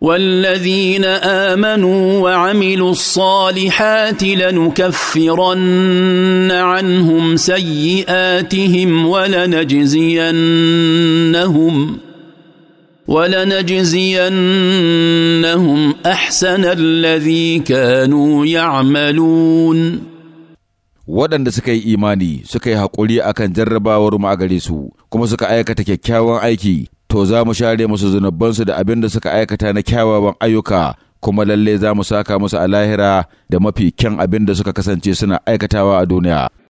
والذين امنوا وعملوا الصالحات لنكفرن عنهم سيئاتهم ولنجزينهم ولنجزينهم احسن الذي كانوا يعملون waɗanda suka yi imani suka yi haƙuri akan jarrabawar mu a su kuma suka aikata kyakkyawan aiki to za mu share musu zunubansu da abin da suka aikata na kyawawan ayyuka kuma lalle za mu saka musu a lahira da mafi kyan abin da suka kasance suna aikatawa a duniya